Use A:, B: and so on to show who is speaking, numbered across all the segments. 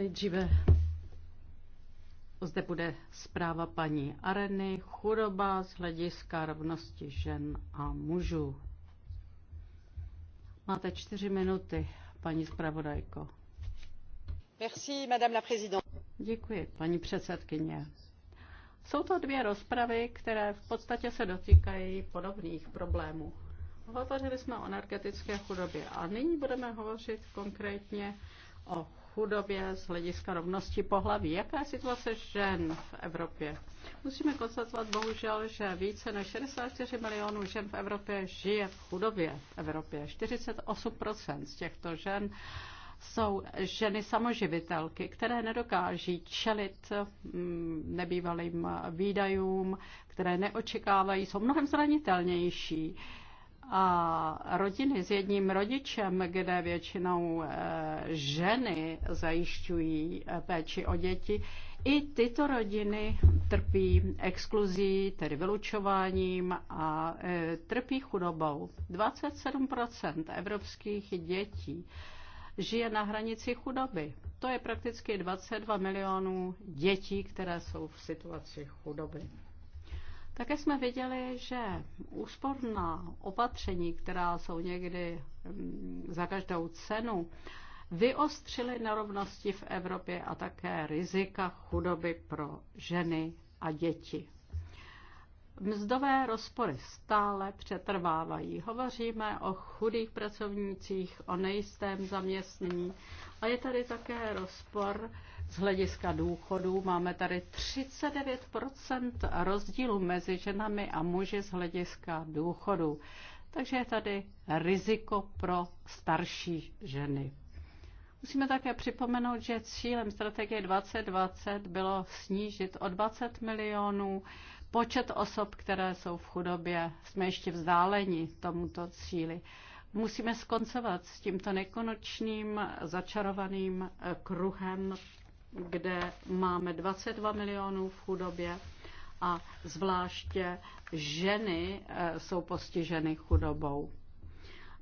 A: Nejdříve zde bude zpráva paní Areny, chudoba z hlediska rovnosti žen a mužů. Máte čtyři minuty, paní zpravodajko. Merci, madame la présidente. Děkuji, paní předsedkyně. Jsou to dvě rozpravy, které v podstatě se dotýkají podobných problémů. Hovořili jsme o energetické chudobě a nyní budeme hovořit konkrétně o chudobě z hlediska rovnosti pohlaví. Jaká je situace žen v Evropě? Musíme konstatovat bohužel, že více než 64 milionů žen v Evropě žije v chudobě v Evropě. 48% z těchto žen jsou ženy samoživitelky, které nedokáží čelit mm, nebývalým výdajům, které neočekávají, jsou mnohem zranitelnější a rodiny s jedním rodičem, kde většinou e, ženy zajišťují e, péči o děti, i tyto rodiny trpí exkluzí, tedy vylučováním a e, trpí chudobou. 27 evropských dětí žije na hranici chudoby. To je prakticky 22 milionů dětí, které jsou v situaci chudoby. Také jsme viděli, že úsporná opatření, která jsou někdy mm, za každou cenu, vyostřily nerovnosti v Evropě a také rizika chudoby pro ženy a děti. Mzdové rozpory stále přetrvávají. Hovoříme o chudých pracovnících, o nejistém zaměstnění a je tady také rozpor z hlediska důchodů. Máme tady 39 rozdílu mezi ženami a muži z hlediska důchodů. Takže je tady riziko pro starší ženy. Musíme také připomenout, že cílem strategie 2020 bylo snížit o 20 milionů počet osob, které jsou v chudobě. Jsme ještě vzdáleni tomuto cíli. Musíme skoncovat s tímto nekonečným začarovaným kruhem kde máme 22 milionů v chudobě a zvláště ženy eh, jsou postiženy chudobou.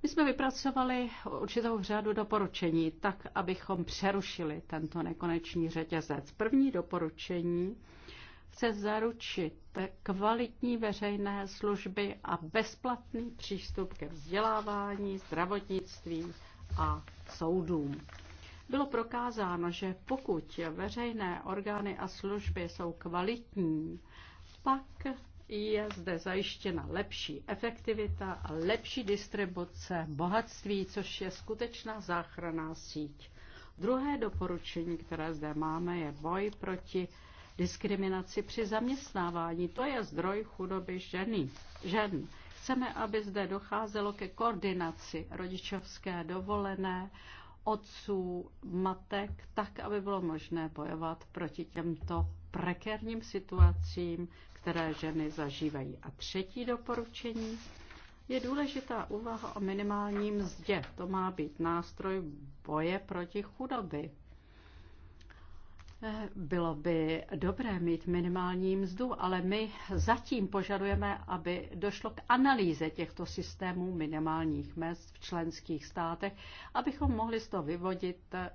A: My jsme vypracovali určitou řadu doporučení, tak abychom přerušili tento nekonečný řetězec. První doporučení chce zaručit kvalitní veřejné služby a bezplatný přístup ke vzdělávání, zdravotnictví a soudům bylo prokázáno, že pokud veřejné orgány a služby jsou kvalitní, pak je zde zajištěna lepší efektivita a lepší distribuce bohatství, což je skutečná záchranná síť. Druhé doporučení, které zde máme, je boj proti diskriminaci při zaměstnávání. To je zdroj chudoby ženy. žen. Chceme, aby zde docházelo ke koordinaci rodičovské dovolené otců, matek, tak, aby bylo možné bojovat proti těmto prekérním situacím, které ženy zažívají. A třetí doporučení je důležitá úvaha o minimálním mzdě. To má být nástroj boje proti chudobě. Bylo by dobré mít minimální mzdu, ale my zatím požadujeme, aby došlo k analýze těchto systémů minimálních mest v členských státech, abychom mohli z toho vyvodit eh,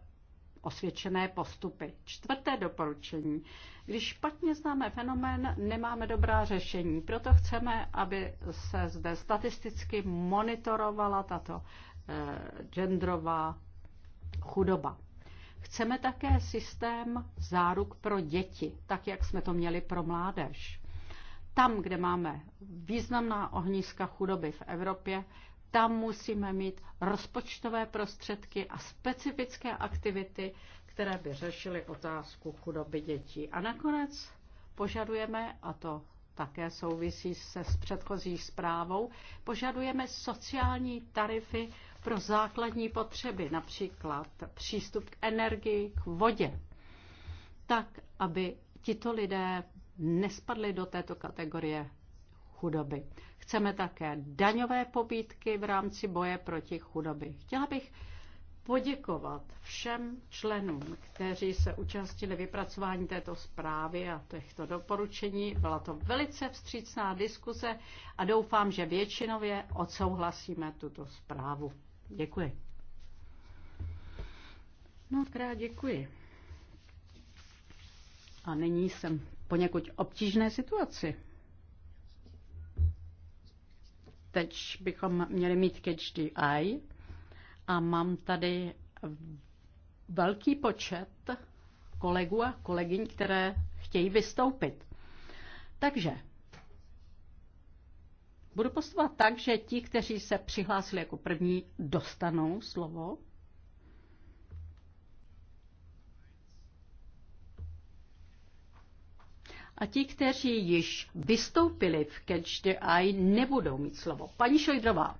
A: osvědčené postupy. Čtvrté doporučení. Když špatně známe fenomén, nemáme dobrá řešení. Proto chceme, aby se zde statisticky monitorovala tato eh, genderová chudoba. Chceme také systém záruk pro děti, tak jak jsme to měli pro mládež. Tam, kde máme významná ohniska chudoby v Evropě, tam musíme mít rozpočtové prostředky a specifické aktivity, které by řešily otázku chudoby dětí. A nakonec požadujeme, a to také souvisí se s předchozí zprávou, požadujeme sociální tarify pro základní potřeby, například přístup k energii, k vodě, tak, aby tito lidé nespadli do této kategorie chudoby. Chceme také daňové pobídky v rámci boje proti chudoby. Chtěla bych poděkovat všem členům, kteří se účastnili vypracování této zprávy a těchto doporučení. Byla to velice vstřícná diskuze a doufám, že většinově odsouhlasíme tuto zprávu. Děkuji. No, krát děkuji. A nyní jsem poněkud obtížné situaci. Teď bychom měli mít catch the eye a mám tady velký počet kolegů a kolegyň, které chtějí vystoupit. Takže Budu postupovat tak, že ti, kteří se přihlásili jako první, dostanou slovo. A ti, kteří již vystoupili v Catch the Eye, nebudou mít slovo. Paní Šojdrová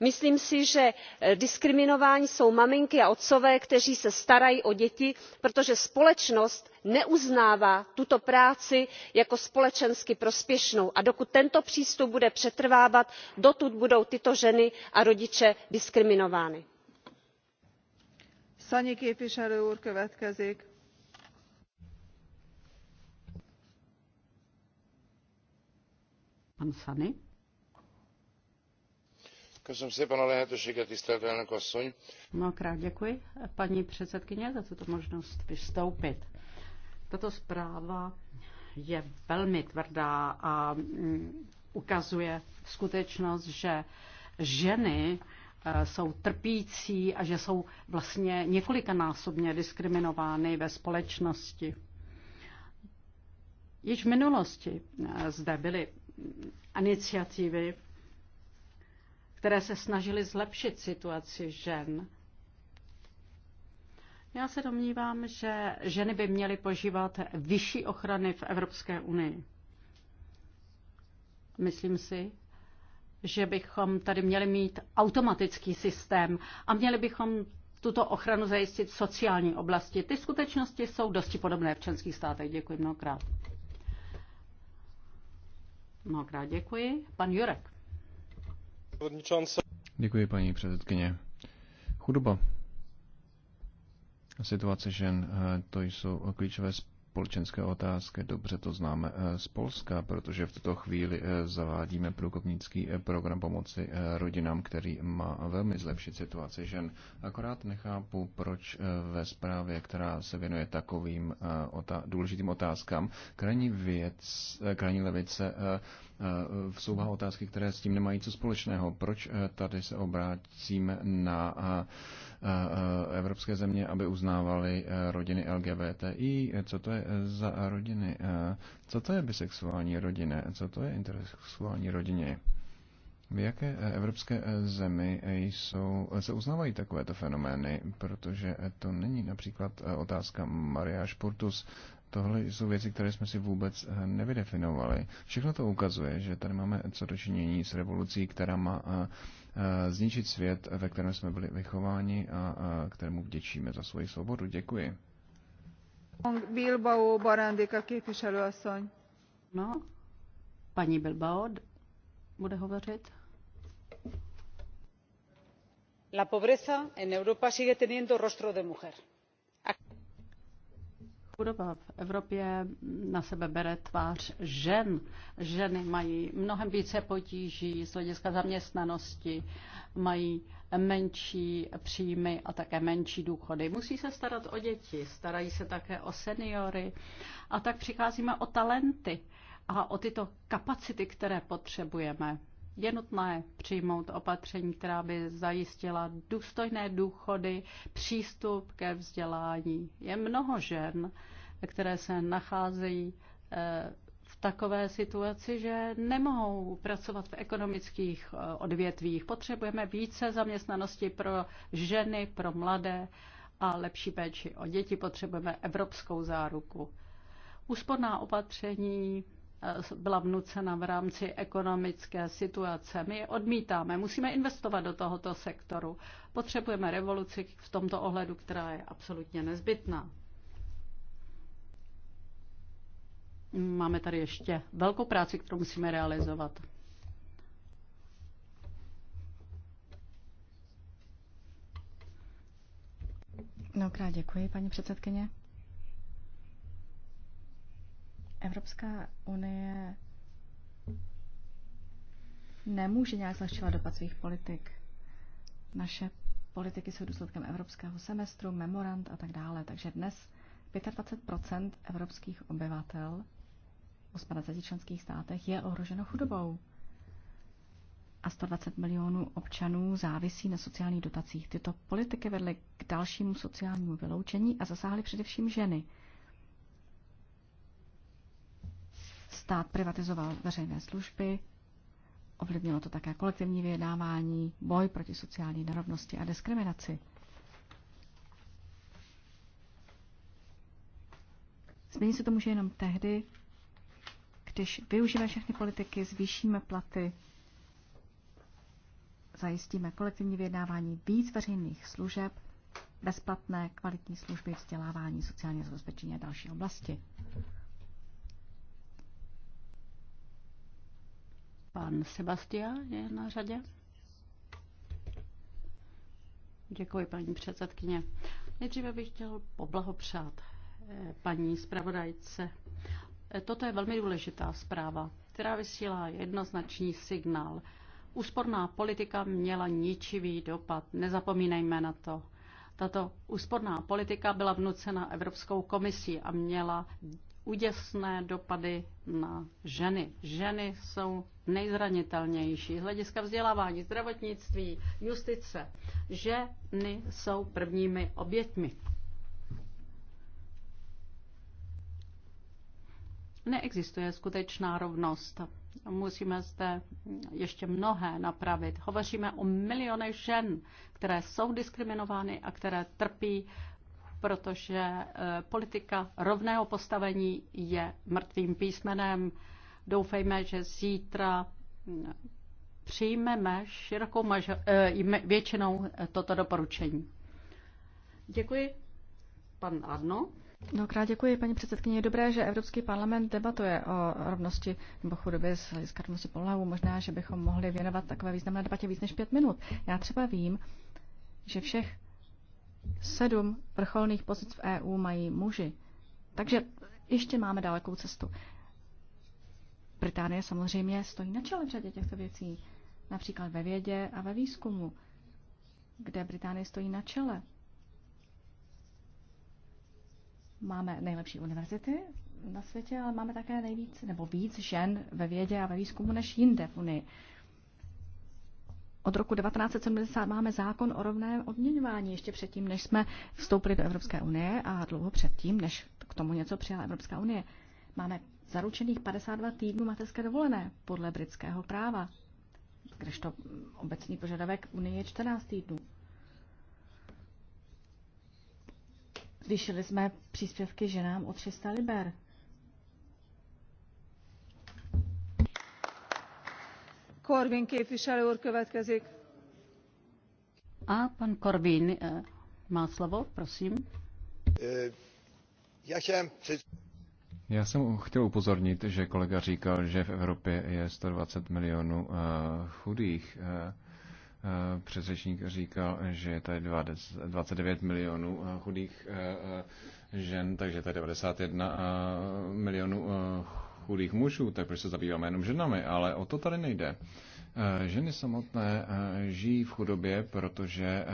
B: myslím si že eh, diskriminováni jsou maminky a otcové kteří se starají o děti protože společnost neuznává tuto práci jako společensky prospěšnou a dokud tento přístup bude přetrvávat dotud budou tyto ženy a rodiče diskriminovány.
A: Mnohokrát děkuji paní předsedkyně za tuto možnost vystoupit. Tato zpráva je velmi tvrdá a mm, ukazuje skutečnost, že ženy e, jsou trpící a že jsou vlastně několikanásobně diskriminovány ve společnosti. Již v minulosti e, zde byly iniciativy které se snažily zlepšit situaci žen. Já se domnívám, že ženy by měly požívat vyšší ochrany v Evropské unii. Myslím si, že bychom tady měli mít automatický systém a měli bychom tuto ochranu zajistit v sociální oblasti. Ty skutečnosti jsou dosti podobné v členských státech. Děkuji mnohokrát. Mnohokrát děkuji. Pan Jurek.
C: Děkuji, paní předsedkyně. Chudoba a situace žen, eh, to jsou klíčové společenské otázky. Dobře to známe eh, z Polska, protože v tuto chvíli eh, zavádíme průkopnický program pomoci rodinám, který má velmi zlepšit situaci žen. Akorát nechápu, proč ve zprávě, která se věnuje takovým důležitým otázkám, krajní, věc, krajní levice vsouvá eh, otázky, které s tím nemají co společného. Proč eh, tady se obrácíme na eh, evropské země, aby uznávali rodiny LGBTI? Co to je za rodiny? Co to je bisexuální rodiny? Co to je intersexuální rodiny? V jaké evropské zemi jsou, se uznávají takovéto fenomény? Protože to není například otázka Mariáš Portus Tohle jsou věci, které jsme si vůbec eh, nevydefinovali. Všechno to ukazuje, že tady máme co dočinění s revolucí, která má eh, eh, zničit svět, ve kterém jsme byli vychováni a kterému vděčíme za svoji svobodu. Děkuji.
B: Bilbao Barandika
A: képviselőasszony. No, paní Bilbao bude hovořit. La pobreza en Europa sigue teniendo rostro de mujer Chudoba v Evropě na sebe bere tvář žen. Ženy mají mnohem více potíží z hlediska zaměstnanosti, mají menší příjmy a také menší důchody. Musí se starat o děti, starají se také o seniory a tak přicházíme o talenty a o tyto kapacity, které potřebujeme. Je nutné přijmout opatření, která by zajistila důstojné důchody, přístup ke vzdělání. Je mnoho žen, které se nacházejí eh, v takové situaci, že nemohou pracovat v ekonomických eh, odvětvích. Potřebujeme více zaměstnanosti pro ženy, pro mladé a lepší péči o děti. Potřebujeme evropskou záruku. Úsporná opatření byla vnucena v rámci ekonomické situace. My je odmítáme. Musíme investovat do tohoto sektoru. Potřebujeme revoluci v tomto ohledu, která je absolutně nezbytná. Máme tady ještě velkou práci, kterou musíme realizovat.
D: Mnohokrát děkuji, paní předsedkyně. Evropská unie nemůže nějak zlehčovat dopad svých politik. Naše politiky jsou důsledkem evropského semestru, memorand a tak dále. Takže dnes 25 evropských obyvatel v 50 členských státech je ohroženo chudobou. A 120 milionů občanů závisí na sociálních dotacích. Tyto politiky vedly k dalšímu sociálnímu vyloučení a zasáhly především ženy – Stát privatizoval veřejné služby, ovlivnilo to také kolektivní vyjednávání, boj proti sociální nerovnosti a diskriminaci. Změní se to může jenom tehdy, když využijeme všechny politiky, zvýšíme platy, zajistíme kolektivní vyjednávání víc veřejných služeb, bezplatné kvalitní služby, vzdělávání, sociálního zabezpečení a další oblasti.
A: Pan Sebastian je na řadě. Děkuji, paní předsedkyně. Nejdříve bych chtěl poblahopřát eh, paní zpravodajce. Eh, toto je velmi důležitá zpráva, která vysílá jednoznačný signál. Úsporná politika měla ničivý dopad, nezapomínejme na to. Tato úsporná politika byla vnucena Evropskou komisí a měla úděsné dopady na ženy. Ženy jsou nejzranitelnější hlediska vzdělávání, zdravotnictví, justice. Ženy jsou prvními oběťmi. Neexistuje skutečná rovnost. Musíme zde ještě mnohé napravit. Hovoříme o milionech žen, které jsou diskriminovány a které trpí protože eh, politika rovného postavení je mrtvým písmenem. Doufejme, že zítra mm, přijmeme širokou mažo- eh, většinou toto doporučení. Děkuji. Pan Arno.
D: Dokrát děkuji, paní předsedkyně. Je dobré, že Evropský parlament debatuje o rovnosti nebo chudobě z hlediska rovnosti pohlavu. Možná, že bychom mohli věnovat takové významné debatě víc než pět minut. Já třeba vím, že všech Sedm vrcholných pozic v EU mají muži. Takže ještě máme dalekou cestu. Británie samozřejmě stojí na čele v řadě těchto věcí, například ve vědě a ve výzkumu, kde Británie stojí na čele. Máme nejlepší univerzity na světě, ale máme také nejvíc nebo víc žen ve vědě a ve výzkumu než jinde v Unii. Od roku 1970 máme zákon o rovném odměňování, ještě předtím, než jsme vstoupili do Evropské unie a dlouho předtím, než k tomu něco přijala Evropská unie. Máme zaručených 52 týdnů mateřské dovolené podle britského práva, Když to obecný požadavek unie je 14 týdnů. Zvýšili jsme příspěvky ženám o 300 liber.
B: képviselő úr következik.
A: A pan Korvin eh, má slovo, prosím.
B: Eh, já jsem,
C: já jsem chtěl upozornit, že kolega říkal, že v Evropě je 120 milionů eh, chudých. Předřečník říkal, že je tady 29 milionů chudých žen, takže tady 91 milionů chudých mužů, tak proč se zabýváme jenom ženami, ale o to tady nejde. Eh, ženy samotné eh, žijí v chudobě, protože eh,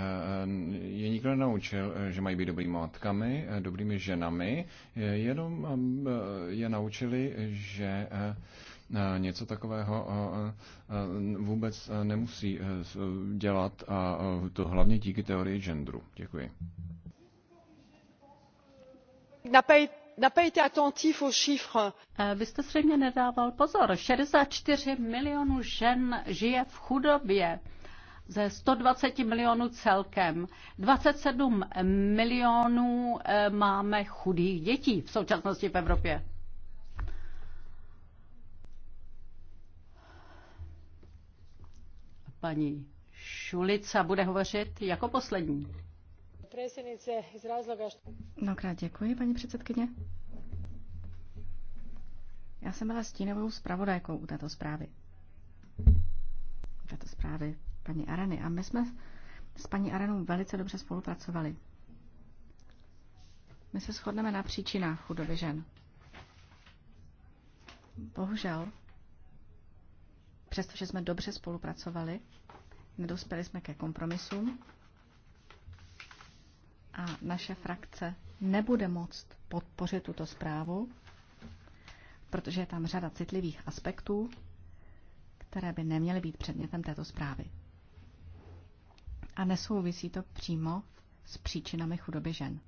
C: je nikdo naučil, že mají být dobrými matkami, dobrými ženami, jenom je naučili, že něco takového vůbec nemusí dělat a to hlavně díky teorii genderu. Děkuji.
A: Na pej- Eh, vy jste zřejmě nedával pozor. 64 milionů žen žije v chudobě ze 120 milionů celkem. 27 milionů eh, máme chudých dětí v současnosti v Evropě. Paní Šulica bude hovořit jako poslední predsjednice iz razloga što...
D: Mnohokrát děkuji, paní předsedkyně. Já jsem byla stínovou zpravodajkou u této zprávy. U této zprávy paní Areny. A my jsme s paní Arenou velice dobře spolupracovali. My se shodneme na příčinách chudoby žen. Bohužel, přestože jsme dobře spolupracovali, nedospěli jsme ke kompromisům a naše frakce nebude moct podpořit tuto zprávu, protože je tam řada citlivých aspektů, které by neměly být předmětem této zprávy. A nesouvisí to přímo s příčinami chudoby žen.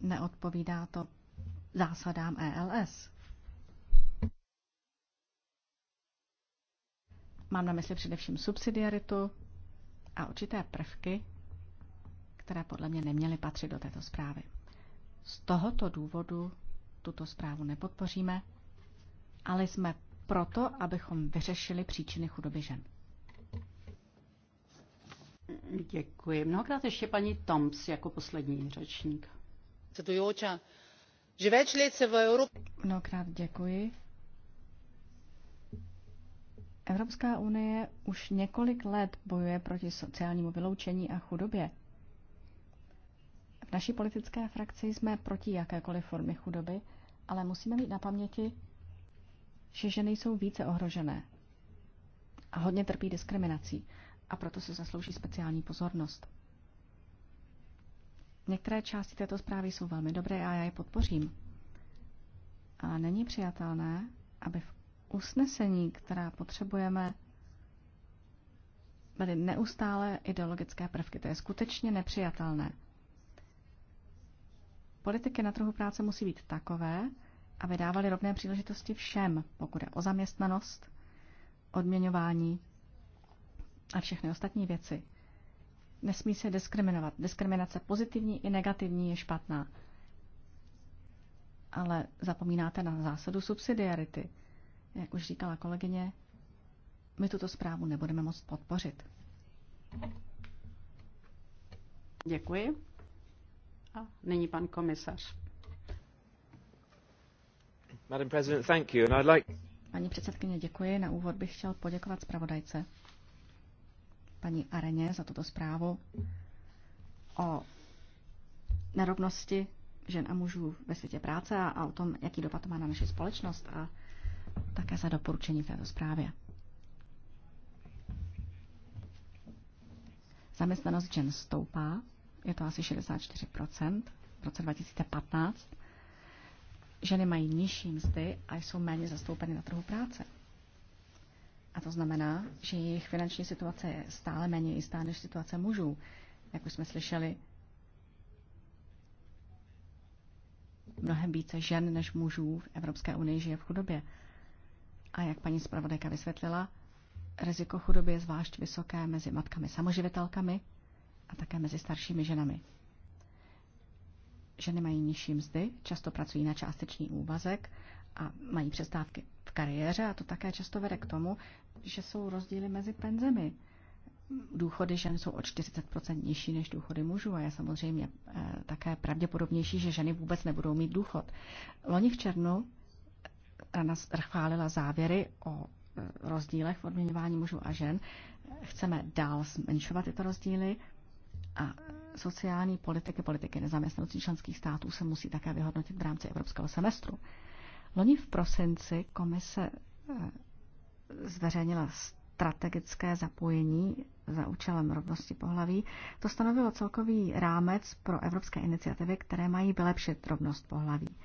D: Neodpovídá to zásadám ELS. Mám na mysli především subsidiaritu a určité prvky, které podle mě neměly patřit do této zprávy. Z tohoto důvodu tuto zprávu nepodpoříme, ale jsme proto, abychom vyřešili příčiny chudoby žen.
A: Děkuji. Mnohokrát ještě paní Toms jako poslední řečník.
D: Mnohokrát děkuji. Evropská unie už několik let bojuje proti sociálnímu vyloučení a chudobě. V naší politické frakci jsme proti jakékoliv formy chudoby, ale musíme mít na paměti, že ženy jsou více ohrožené a hodně trpí diskriminací a proto se zaslouží speciální pozornost. Některé části této zprávy jsou velmi dobré a já je podpořím. Ale není přijatelné, aby v usnesení, která potřebujeme, byly neustále ideologické prvky. To je skutečně nepřijatelné. Politiky na trhu práce musí být takové, aby dávaly rovné příležitosti všem, pokud je o zaměstnanost, odměňování a všechny ostatní věci. Nesmí se diskriminovat. Diskriminace pozitivní i negativní je špatná. Ale zapomínáte na zásadu subsidiarity – jak už říkala kolegyně, my tuto zprávu nebudeme moct podpořit.
A: Děkuji. A nyní pan komisař.
C: Madam President, thank you. And I'd like...
D: Paní předsedkyně, děkuji. Na úvod bych chtěl poděkovat zpravodajce paní Areně za tuto zprávu o nerovnosti žen a mužů ve světě práce a, a o tom, jaký dopad to má na naši společnost. A také za doporučení v této zprávě. Zaměstnanost žen stoupá, je to asi 64% v roce 2015. Ženy mají nižší mzdy a jsou méně zastoupeny na trhu práce. A to znamená, že jejich finanční situace je stále méně jistá než situace mužů. Jak už jsme slyšeli, mnohem více žen než mužů v Evropské unii žije v chudobě. A jak paní zpravodajka vysvětlila, riziko chudoby je zvlášť vysoké mezi matkami samoživitelkami a také mezi staršími ženami. Ženy mají nižší mzdy, často pracují na částečný úvazek a mají přestávky v kariéře a to také často vede k tomu, že jsou rozdíly mezi penzemi. Důchody žen jsou o 40% nižší než důchody mužů a je samozřejmě eh, také pravděpodobnější, že ženy vůbec nebudou mít důchod. Loni v červnu chválila závěry o e, rozdílech v odměňování mužů a žen. Chceme dál zmenšovat tyto rozdíly a sociální politiky, politiky nezaměstnanosti členských států se musí také vyhodnotit v rámci evropského semestru. Loni v prosinci komise e, zveřejnila strategické zapojení za účelem rovnosti pohlaví. To stanovilo celkový rámec pro evropské iniciativy, které mají vylepšit rovnost pohlaví.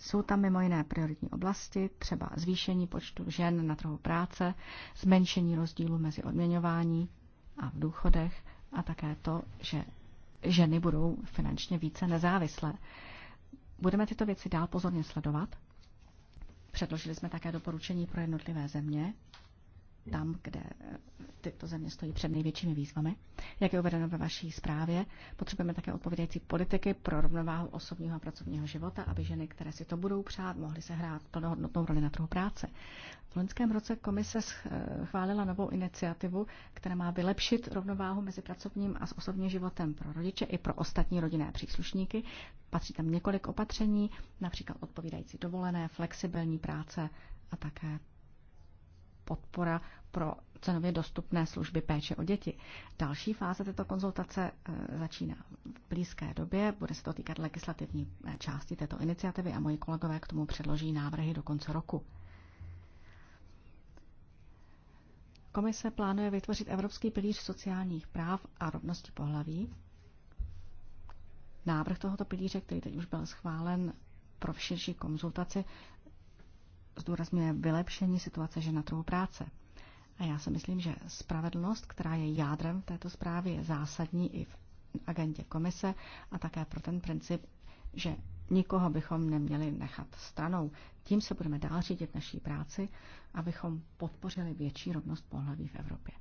D: Jsou tam mimo jiné prioritní oblasti, třeba zvýšení počtu žen na trhu práce, zmenšení rozdílu mezi odměňování a v důchodech a také to, že ženy budou finančně více nezávislé. Budeme tyto věci dál pozorně sledovat. Předložili jsme také doporučení pro jednotlivé země tam, kde tyto země stojí před největšími výzvami. Jak je uvedeno ve vaší zprávě, potřebujeme také odpovědající politiky pro rovnováhu osobního a pracovního života, aby ženy, které si to budou přát, mohly se hrát plnohodnotnou roli na trhu práce. V loňském roce komise chválila novou iniciativu, která má vylepšit rovnováhu mezi pracovním a osobním životem pro rodiče i pro ostatní rodinné příslušníky. Patří tam několik opatření, například odpovídající dovolené, flexibilní práce a také podpora pro cenově dostupné služby péče o děti. Další fáze této konzultace eh, začíná v blízké době. Bude se to týkat legislativní eh, části této iniciativy a moji kolegové k tomu předloží návrhy do konce roku. Komise plánuje vytvořit Evropský pilíř sociálních práv a rovnosti pohlaví. Návrh tohoto pilíře, který teď už byl schválen pro širší konzultaci, zdůrazňuje vylepšení situace žen na trhu práce. A já si myslím, že spravedlnost, která je jádrem této zprávy, je zásadní i v agendě komise a také pro ten princip, že nikoho bychom neměli nechat stranou. Tím se budeme dál řídit naší práci, abychom podpořili větší rovnost pohlaví v Evropě.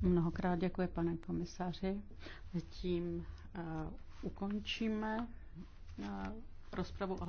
A: Mnohokrát děkuji, pane komisaři. Tím uh, ukončíme uh, rozpravu, ale